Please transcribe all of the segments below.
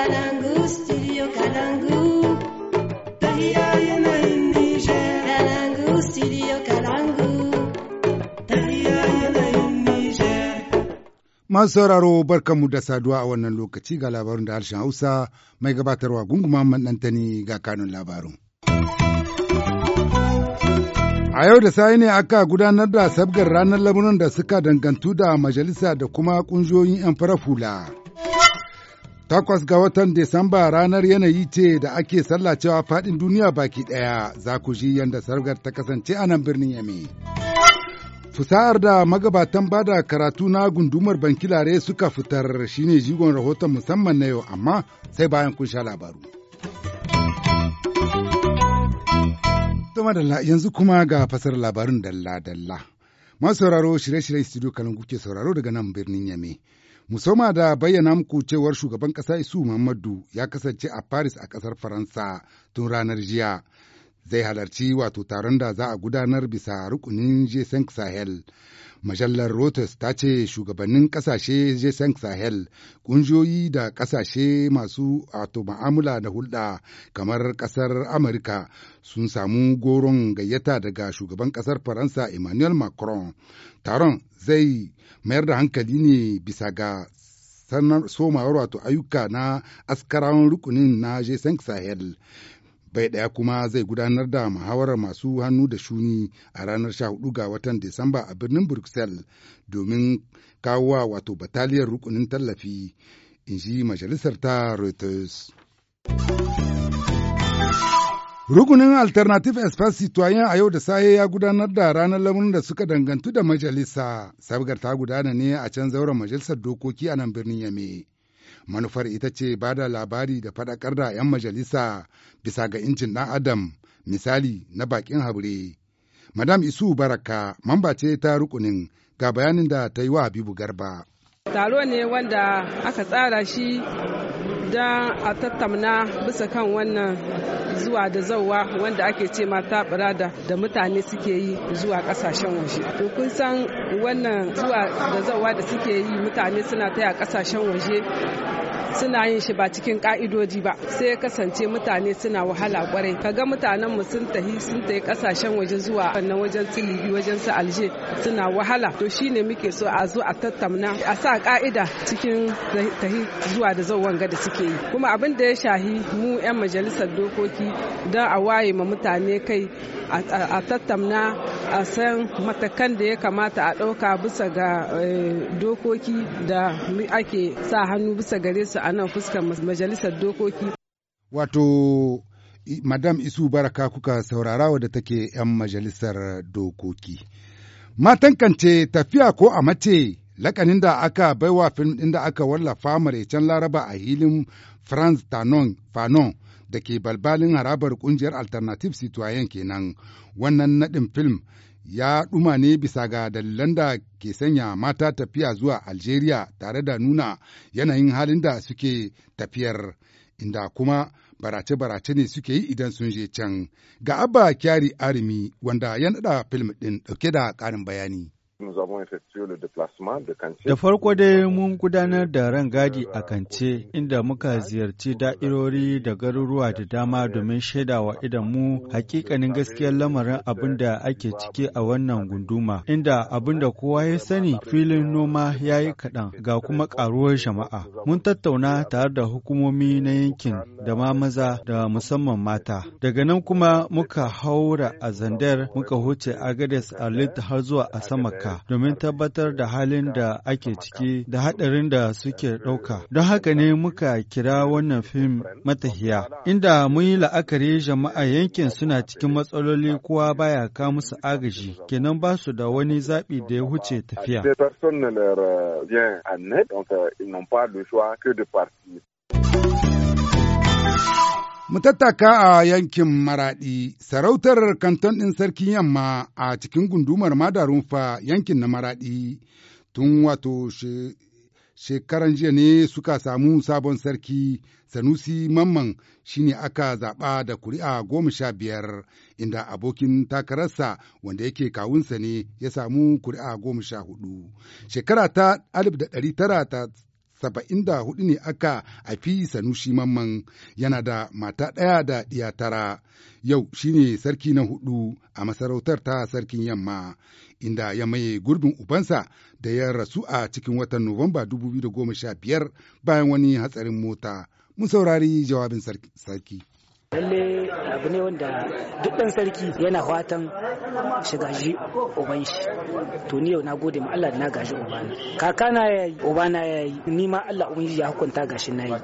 Kalangu, studio Kalangu. Masu sauraro barkanmu da saduwa a wannan lokaci ga labarun da harshen Hausa mai gabatarwa gunguma maɗantani ga kanun labarun. A yau da sai ne aka gudanar da sabgar ranar lamunan da suka dangantu da majalisa da kuma ƙungiyoyin 'yan fara fula. Takwas ga watan Desamba ranar yanayi ce da ake sallacewa faɗin duniya baki ɗaya za ku ji yadda sargar ta kasance a nan birnin Yame. Fusa'ar da magabatan bada karatu na gundumar bankilare suka fitar shine jigon rahoton musamman na yau amma sai bayan kun sha labaru. yanzu kuma ga fasar labarin dalla-dalla. Masu sauraro shirye-shiryen studio kalangu ke sauraro daga nan birnin Yame. musamman da bayyana muku cewar shugaban ƙasa Isu Muhammadu ya kasance a Paris a ƙasar Faransa tun ranar jiya. Zai halarci wato taron da za a gudanar bisa rukunin G5 Sahel. Majallar Reuters ta ce shugabannin kasashe Jason Sahel, ƙungiyoyi da kasashe masu ato ma'amula da hulɗa kamar ƙasar Amurka sun samu goron gayyata daga shugaban ƙasar Faransa Emmanuel Macron. Taron zai mayar da hankali ne bisa ga sannan somawar wato ayyuka na askarawan rukunin na Jason Sahel. bai ɗaya kuma zai gudanar da muhawarar masu hannu da shuni a ranar 14 ga watan Disamba a birnin Brussels domin kawowa wato bataliyar rukunin tallafi, in ji majalisar ta Reuters. Rukunin Alternative Express Citoyen a yau da saye ya gudanar da ranar lamunin da suka dangantu da majalisa. Sabgar ta gudana ne a can zauren majalisar dokoki a nan birnin Yame. manufar ita ce ba da labari da faɗakar da 'yan majalisa bisa ga injin ɗan adam misali na bakin haure madam isu baraka mamba ce ta rukunin ga bayanin da ta yi wa habibu garba taro ne wanda aka tsara shi don a tattamna bisa kan wannan zuwa da zauwa wanda ake ce mata birada da mutane suke yi zuwa kasashen waje to kun san wannan zuwa da zauwa da suke yi mutane suna taya kasashen waje suna yin shi ba cikin ka'idoji ba sai ya kasance mutane suna wahala kwarai kaga mutanen mu sun tahi sun tahi kasashen waje zuwa wannan wajen su libi wajen su alje suna wahala to shine muke so a zo a tattauna a sa ka'ida cikin tahi zuwa da zauwan ga da suke yi kuma abin da ya shahi mu 'yan majalisar dokoki don a waye ma mutane kai a tattauna a san matakan da ya kamata a ɗauka bisa ga eh, dokoki da ake sa hannu bisa gare su a nan fuskar majalisar dokoki. Wato Madam Isu Baraka kuka saurara wadda take 'yan majalisar dokoki. Matan kance tafiya ko a mace lakanin da aka baiwa fim ɗin da aka wallafa maraicen laraba a hilin France Tanon Fanon da ke balbalin harabar ƙungiyar Alternative Citoyen kenan. Wannan naɗin film ya ɗuma ne bisa ga dalilan da ke sanya mata tafiya zuwa Algeria tare da nuna yanayin halin da suke tafiyar, inda kuma barace-barace ne suke yi idan sun je can. Ga Abba Kyari Arimi wanda ya naɗa film ɗin ɗauke da ƙarin bayani. Da farko dai mun gudanar da rangadi a Kance inda muka ziyarci da'irori da garuruwa da dama domin shaidawa idan mu hakikanin gaskiyar lamarin abin da ake ciki a wannan gunduma inda abin da kowa ya sani filin noma ya yi kaɗan ga kuma ƙaruwar jama'a. Mun tattauna tare da hukumomi na yankin da ma maza da musamman mata. Daga nan kuma muka haura a Zandar muka huce Agades a har zuwa a Samaka. ɗauka domin tabbatar da halin da ake ciki da haɗarin da suke ɗauka. Don haka ne muka kira wannan fim matahiya, inda mun yi la'akari jama'a yankin suna cikin matsaloli kowa baya ka musu agaji, kenan ba su da wani zaɓi da ya huce tafiya. Donc, Mutattaka a yankin Maraɗi, sarautar kanton ɗin sarkin yamma a cikin gundumar Madarunfa yankin na Maraɗi tun wato shekaran jiya ne suka samu sabon sarki Sanusi Mamman shine aka zaɓa da kuri'a goma sha biyar inda abokin takararsa wanda yake kawunsa ne ya samu kuri'a goma sha hudu. Shekara ta alif da ɗari tara ta saba'in da hudu ne aka haifi Sanushi Mamman yana da mata ɗaya da ɗiya tara. Yau shine sarki na hudu a masarautar ta sarkin yamma, inda ya maye gurbin ubansa da ya rasu a cikin watan Nuwamba 2015 bayan wani hatsarin mota. Mun saurari jawabin sarki. lalle abu ne wanda duk ɗan sarki yana fatan shi gaji uban shi to ni yau na gode ma Allah na gaji ubana kaka na yayi ubana yayi ni ma Allah ubangiji ya hukunta gashi nayi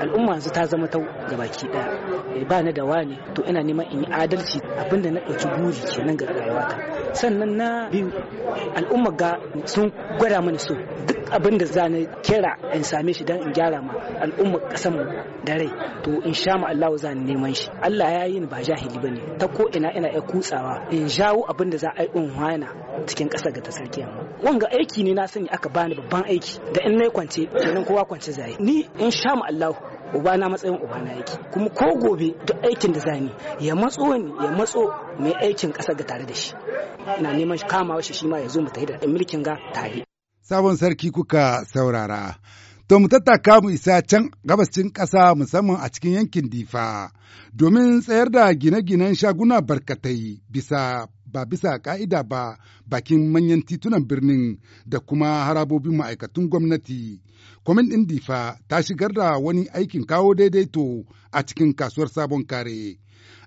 al'umma yanzu ta zama ta gabaki daya eh, ba ni da wani to ina neman in yi adalci abinda na ɗauki buri kenan ga rayuwata sannan na biyu al'umma ga sun gwada mani so duk abinda da za na kira in same shi dan in gyara ma al'umma kasan da rai to in sha ma Allah za ni neman shi Allah ya yi ni ba jahili bane ta ko ina ina ya kutsawa in jawo abin da za a yi in cikin ƙasa ga ta sarki yamma wanga aiki ne na sani aka bani babban aiki da in na kwance kenan kowa kwance zai ni in sha mu Allahu ubana matsayin ubana yake kuma ko gobe duk aikin da zani ya matso ni ya matso mai aikin ƙasa ga tare da shi ina neman kama shi shi ma ya zo mu tafi da mulkin ga tare sabon sarki kuka saurara to mu tattaka mu isa can gabashin ƙasa musamman a cikin yankin difa domin tsayar da gine-ginen shaguna barkatai bisa ba bisa ka'ida ba bakin manyan titunan birnin da kuma harabobin ma'aikatun gwamnati kwamin ɗin difa ta shigar da wani aikin kawo daidaito a cikin kasuwar sabon kare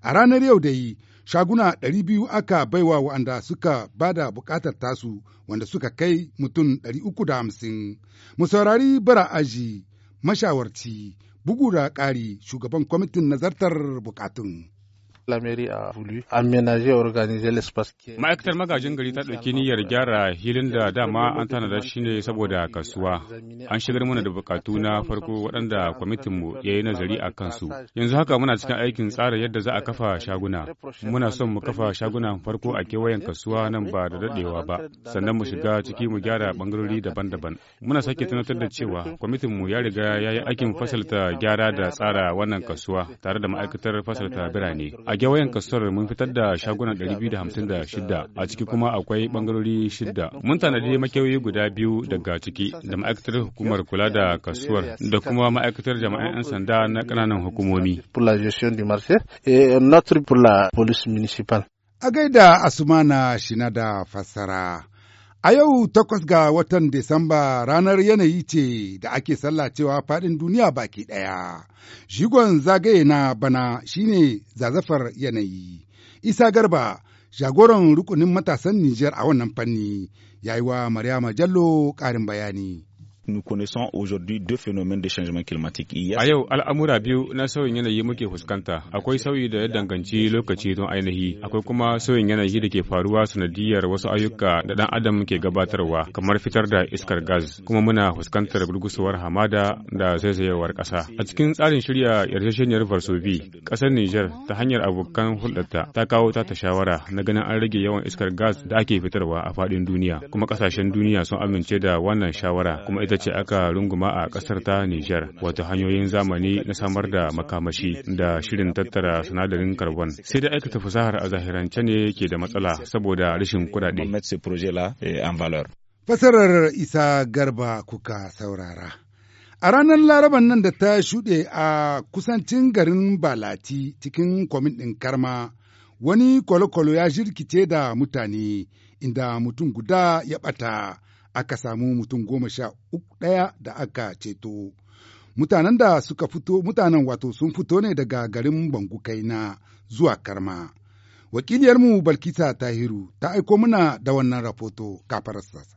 a ranar yau da yi Shaguna ɗari biyu aka baiwa waɗanda suka ba da buƙatar tasu wanda suka kai mutum ɗari uku 350. Mu saurari bara aji, mashawarci, bugu da ƙari shugaban kwamitin nazartar buƙatun. Ma'aikatar magajin gari ta ɗauki niyyar gyara hilin da dama an tanada shi ne saboda kasuwa. An shigar mana da bukatu na farko waɗanda kwamitinmu ya yi nazari a kansu. Yanzu haka muna cikin aikin tsara yadda za a kafa shaguna. Muna son mu kafa shagunan farko a kewayen kasuwa nan ba da daɗewa ba, sannan mu shiga ciki mu gyara ɓangarori daban-daban. Muna sake tunatar da cewa kwamitin mu ya riga ya yi aikin fasalta gyara da tsara wannan kasuwa tare da ma'aikatar fasalta birane. A gewayen kasuwar mun fitar da shaguna 256 a ciki kuma akwai bangarori shida. Mun tanadi makewayi guda biyu daga ciki da ma'aikatar hukumar kula da kasuwar da kuma ma'aikatar jama'an 'yan sanda na kananan hukumomi. A gaida Asumana Shina da fassara. A yau takwas ga watan Disamba ranar yanayi ce da ake sallacewa faɗin duniya baki ɗaya. Shigon zagaye na bana shine zazafar yanayi. Isa Garba, jagoran rukunin matasan Nijar a wannan fanni, ya yi wa Maryama Jallo ƙarin bayani. nous connaissons aujourd'hui deux phénomènes de changement climatique. A yau al'amura biyu na sauyin yanayi muke fuskanta. Akwai sauyi da ya danganci lokaci don ainihi, akwai kuma sauyin yanayi da ke faruwa sanadiyar wasu ayyuka da ɗan adam ke gabatarwa, kamar fitar da iskar gas, kuma muna fuskantar burgusuwar hamada da zaizayewar ƙasa. A cikin tsarin shirya yarjejeniyar Varsovi, ƙasar Niger ta hanyar abokan hulɗarta ta kawo ta ta shawara na ganin an rage yawan iskar gas da ake fitarwa a faɗin duniya, kuma ƙasashen duniya sun amince da wannan shawara, kuma ita ita ce aka runguma a ƙasar ta Nijar, wato hanyoyin zamani na samar da makamashi da shirin tattara sinadarin carbon. Sai da aikata fasahar a zahirance ne ke da matsala saboda rashin kuɗaɗe. Fasarar Isa Garba kuka saurara. A ranar Laraban nan da ta shuɗe a kusancin garin Balati cikin kwamin ɗin Karma, wani kwalokwalo ya jirkice da mutane inda mutum guda ya ɓata. aka samu mutum goma sha uku ɗaya da aka ceto. Mutanen da suka fito mutanen wato sun fito ne daga garin Bangukaina zuwa Karma. Wakiliyarmu Balkisa Tahiru ta aiko muna da wannan rahoto kafarastas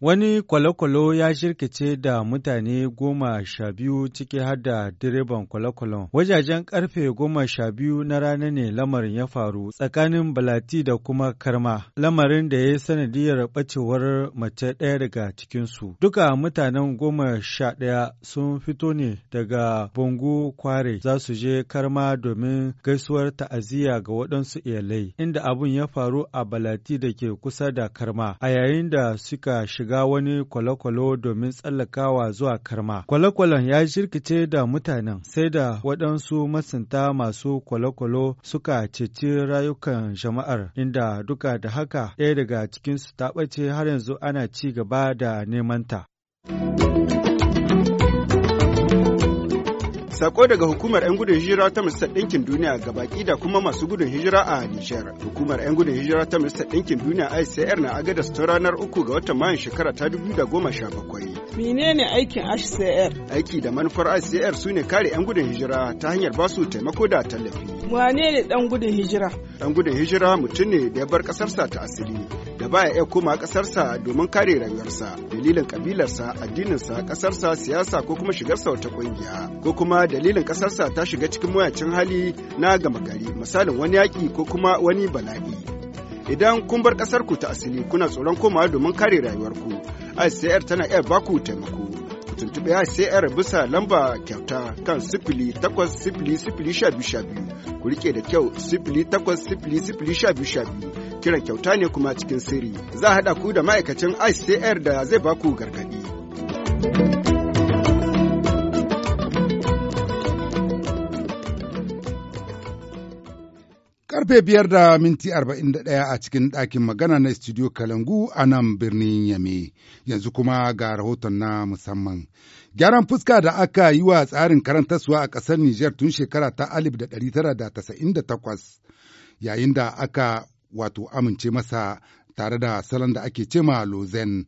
Wani kwale-kwale ya shirkice da mutane goma sha biyu ciki har da direban kwale Wajajen karfe goma sha biyu na rana ne lamarin ya faru tsakanin Balati da kuma Karma, lamarin da ya yi sanadiyar bacewar mace ɗaya daga cikinsu. Duka mutanen goma sha ɗaya sun fito ne daga Bongo Kware za su je Karma domin gaisuwar ta'aziyya ga waɗansu iyalai, inda abun ya faru a Balati da ke kusa da Karma, a yayin da suka shiga shiga wani kwale domin tsallakawa zuwa karma. kwale ya shirkice da mutanen sai da waɗansu masunta masu kwale suka ceci rayukan jama'ar inda duka da haka ɗaya daga cikinsu ta ɓace har yanzu ana ci gaba da nemanta. Sako daga hukumar 'yan gudun hijira ta Majalisar Ɗinkin Duniya ga baki da kuma masu gudun hijira a Nijar. Hukumar 'yan gudun hijira ta Majalisar Ɗinkin Duniya ICR na agadas ta ranar uku ga watan Mayun shekara ta bakwai. Menene aikin ICR? Aiki da manufar ICR su ne kare 'yan gudun hijira ta hanyar ba su taimako da tallafi. Wane ne ɗan gudun hijira? Ɗan gudun hijira mutum ne da ya bar ƙasarsa ta asali. da baya iya koma ƙasarsa domin kare rangarsa dalilin kabilarsa addininsa ƙasarsa siyasa ko kuma shigarsa wata ƙungiya ko kuma a dalilin ƙasarsa ta shiga cikin mayacin hali na gama gari misalin wani yaƙi ko kuma wani bala'i idan kun bar ƙasarku ta asali kuna tsoron komawa domin kare rayuwarku ICR tana iya baku taimako Ku tuntuɓe ICR bisa lamba kyauta kan sifili takwas sifili sifili sha biyu ku riƙe da kyau sifili takwas sifili sifili sha biyu kiran kyauta ne kuma cikin sirri za a haɗa ku da ma'aikacin ICR da zai baku gargaɗi. Karfe biyar da minti arba'in da ɗaya a cikin ɗakin magana na studio Kalangu a nan birnin Yame, yanzu kuma ga rahoton na musamman. Gyaran fuska da aka yi wa tsarin karantarsuwa a ƙasar Nijar tun shekara ta alif da ɗari tara da tasa'in da takwas, yayin da aka wato amince masa tare da salon da ake cema lozen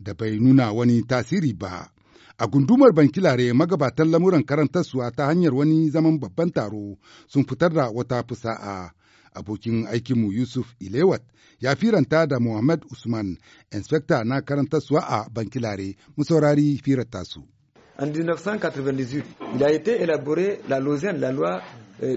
da bai nuna wani tasiri ba. A gundumar Bankilare magabatan lamuran karantarsuwa ta hanyar wani zaman babban taro sun fitar da wata fusa'a Abokin aikinmu Yusuf Ilewat ya firanta da Muhammad Usman, inspekta na karanta suwa a Bankilare, mu saurari firanta su. En 1998, il a été élaboré la Lausanne, la loi Eh,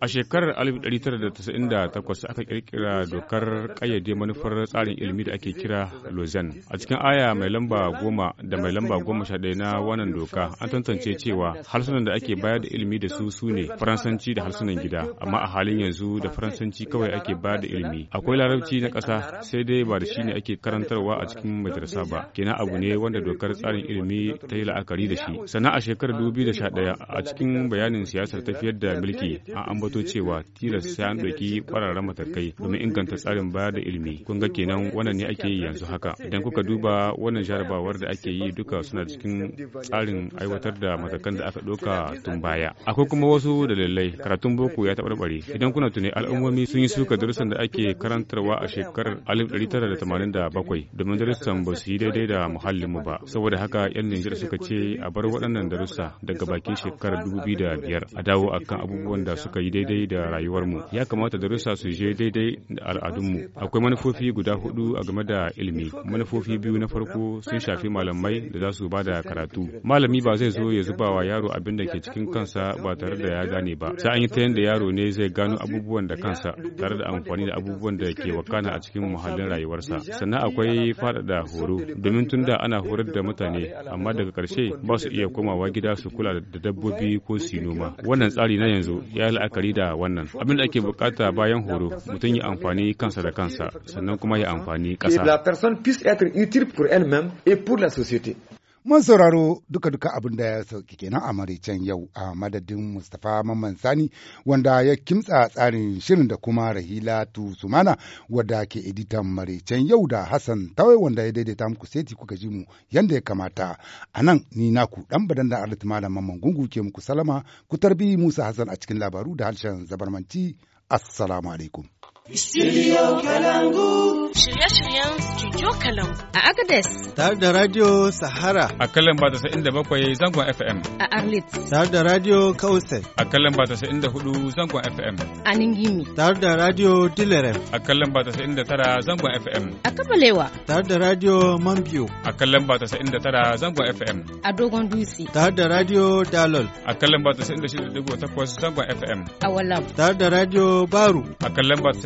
a shekarar 1998 aka kirkira dokar kayyade manufar tsarin ilimi da ake kira Lausanne. A cikin aya mai lamba goma da mai lamba goma sha ɗaya na wannan doka an tantance cewa harsunan da ake bayar da ilimi da su su ne Faransanci da harsunan gida, amma a halin yanzu da Faransanci kawai ake bayar da ilimi. Akwai Larabci na ƙasa sai dai ba da shi ne ake karantarwa a cikin madrasa ba. Kenan abu ne wanda dokar tsarin ilimi ta yi la'akari da shi. Sannan a shekarar 2011 a cikin bayanin siyasar ta tafiyar da mulki a ambato cewa tilas sai an ɗauki ƙwararren matakai domin inganta tsarin bayar da ilimi kun ga kenan wannan ne ake yi yanzu haka idan kuka duba wannan jarabawar da ake yi duka suna cikin tsarin aiwatar da matakan da aka ɗauka tun baya akwai kuma wasu dalilai karatun boko ya taɓarɓare idan kuna tuni al'ummomi sun yi suka darussan da ake karantarwa a shekarar 1987 domin darussan ba su yi daidai da muhallinmu ba saboda haka 'yan Nijar suka ce a bar waɗannan darussa daga bakin shekarar 2005 a dawo a kan abubuwan da suka yi daidai da rayuwarmu ya kamata darussa su je daidai da al'adunmu akwai manufofi guda hudu a game da ilimi manufofi biyu na farko sun shafi malamai da za su ba da karatu malami ba zai zo ya zuba wa yaro abin da ke cikin kansa ba tare da ya gane ba sai an yi ta yadda yaro ne zai gano abubuwan da kansa tare da amfani da abubuwan da ke wakana a cikin muhallin rayuwarsa sannan akwai faɗaɗa horo domin tun da ana horar da mutane amma daga ƙarshe ba su iya komawa gida su kula da dabbobi ko su noma wannan tsari na yanzu ya la'akari da wannan abin da ake bukata bayan horo mutum ya amfani kansa da kansa sannan kuma ya amfani ƙasa. Mun sauraro duka-duka abin da ya sauki kenan a maraicen yau a madadin Mustapha Mamman Sani wanda ya kimtsa tsarin shirin da kuma Rahila Sumana wadda ke editan maraicen yau da Hassan Tawai wanda ya daidaita muku seti kuka ji mu yadda ya kamata. A nan ni naku dan badan da Arlit Malam Mamman Gungu ke muku salama ku tarbi Musa Hassan a cikin labaru da harshen zabarmanci. Assalamu alaikum. Studio Kalangu. Shirye-shiryen Studio Kalangu. A Agadez. Tare da Radio Sahara. A kalan ba da bakwai zangon FM. A Arlit. Tare da Radio Kausai. A kalan ba da hudu zangon FM. A Ningimi. Tare da Radio Dilerem. A kalan ba da tara zangon FM. A Kabalewa. Tare da Radio Mambiyo. A kalan ba da tara zangon FM. A Dogon Dutse. Tare da Radio Dalol. A kalan ba da shida zangon FM. A Walam. Tare da Radio Baru. A kalan ba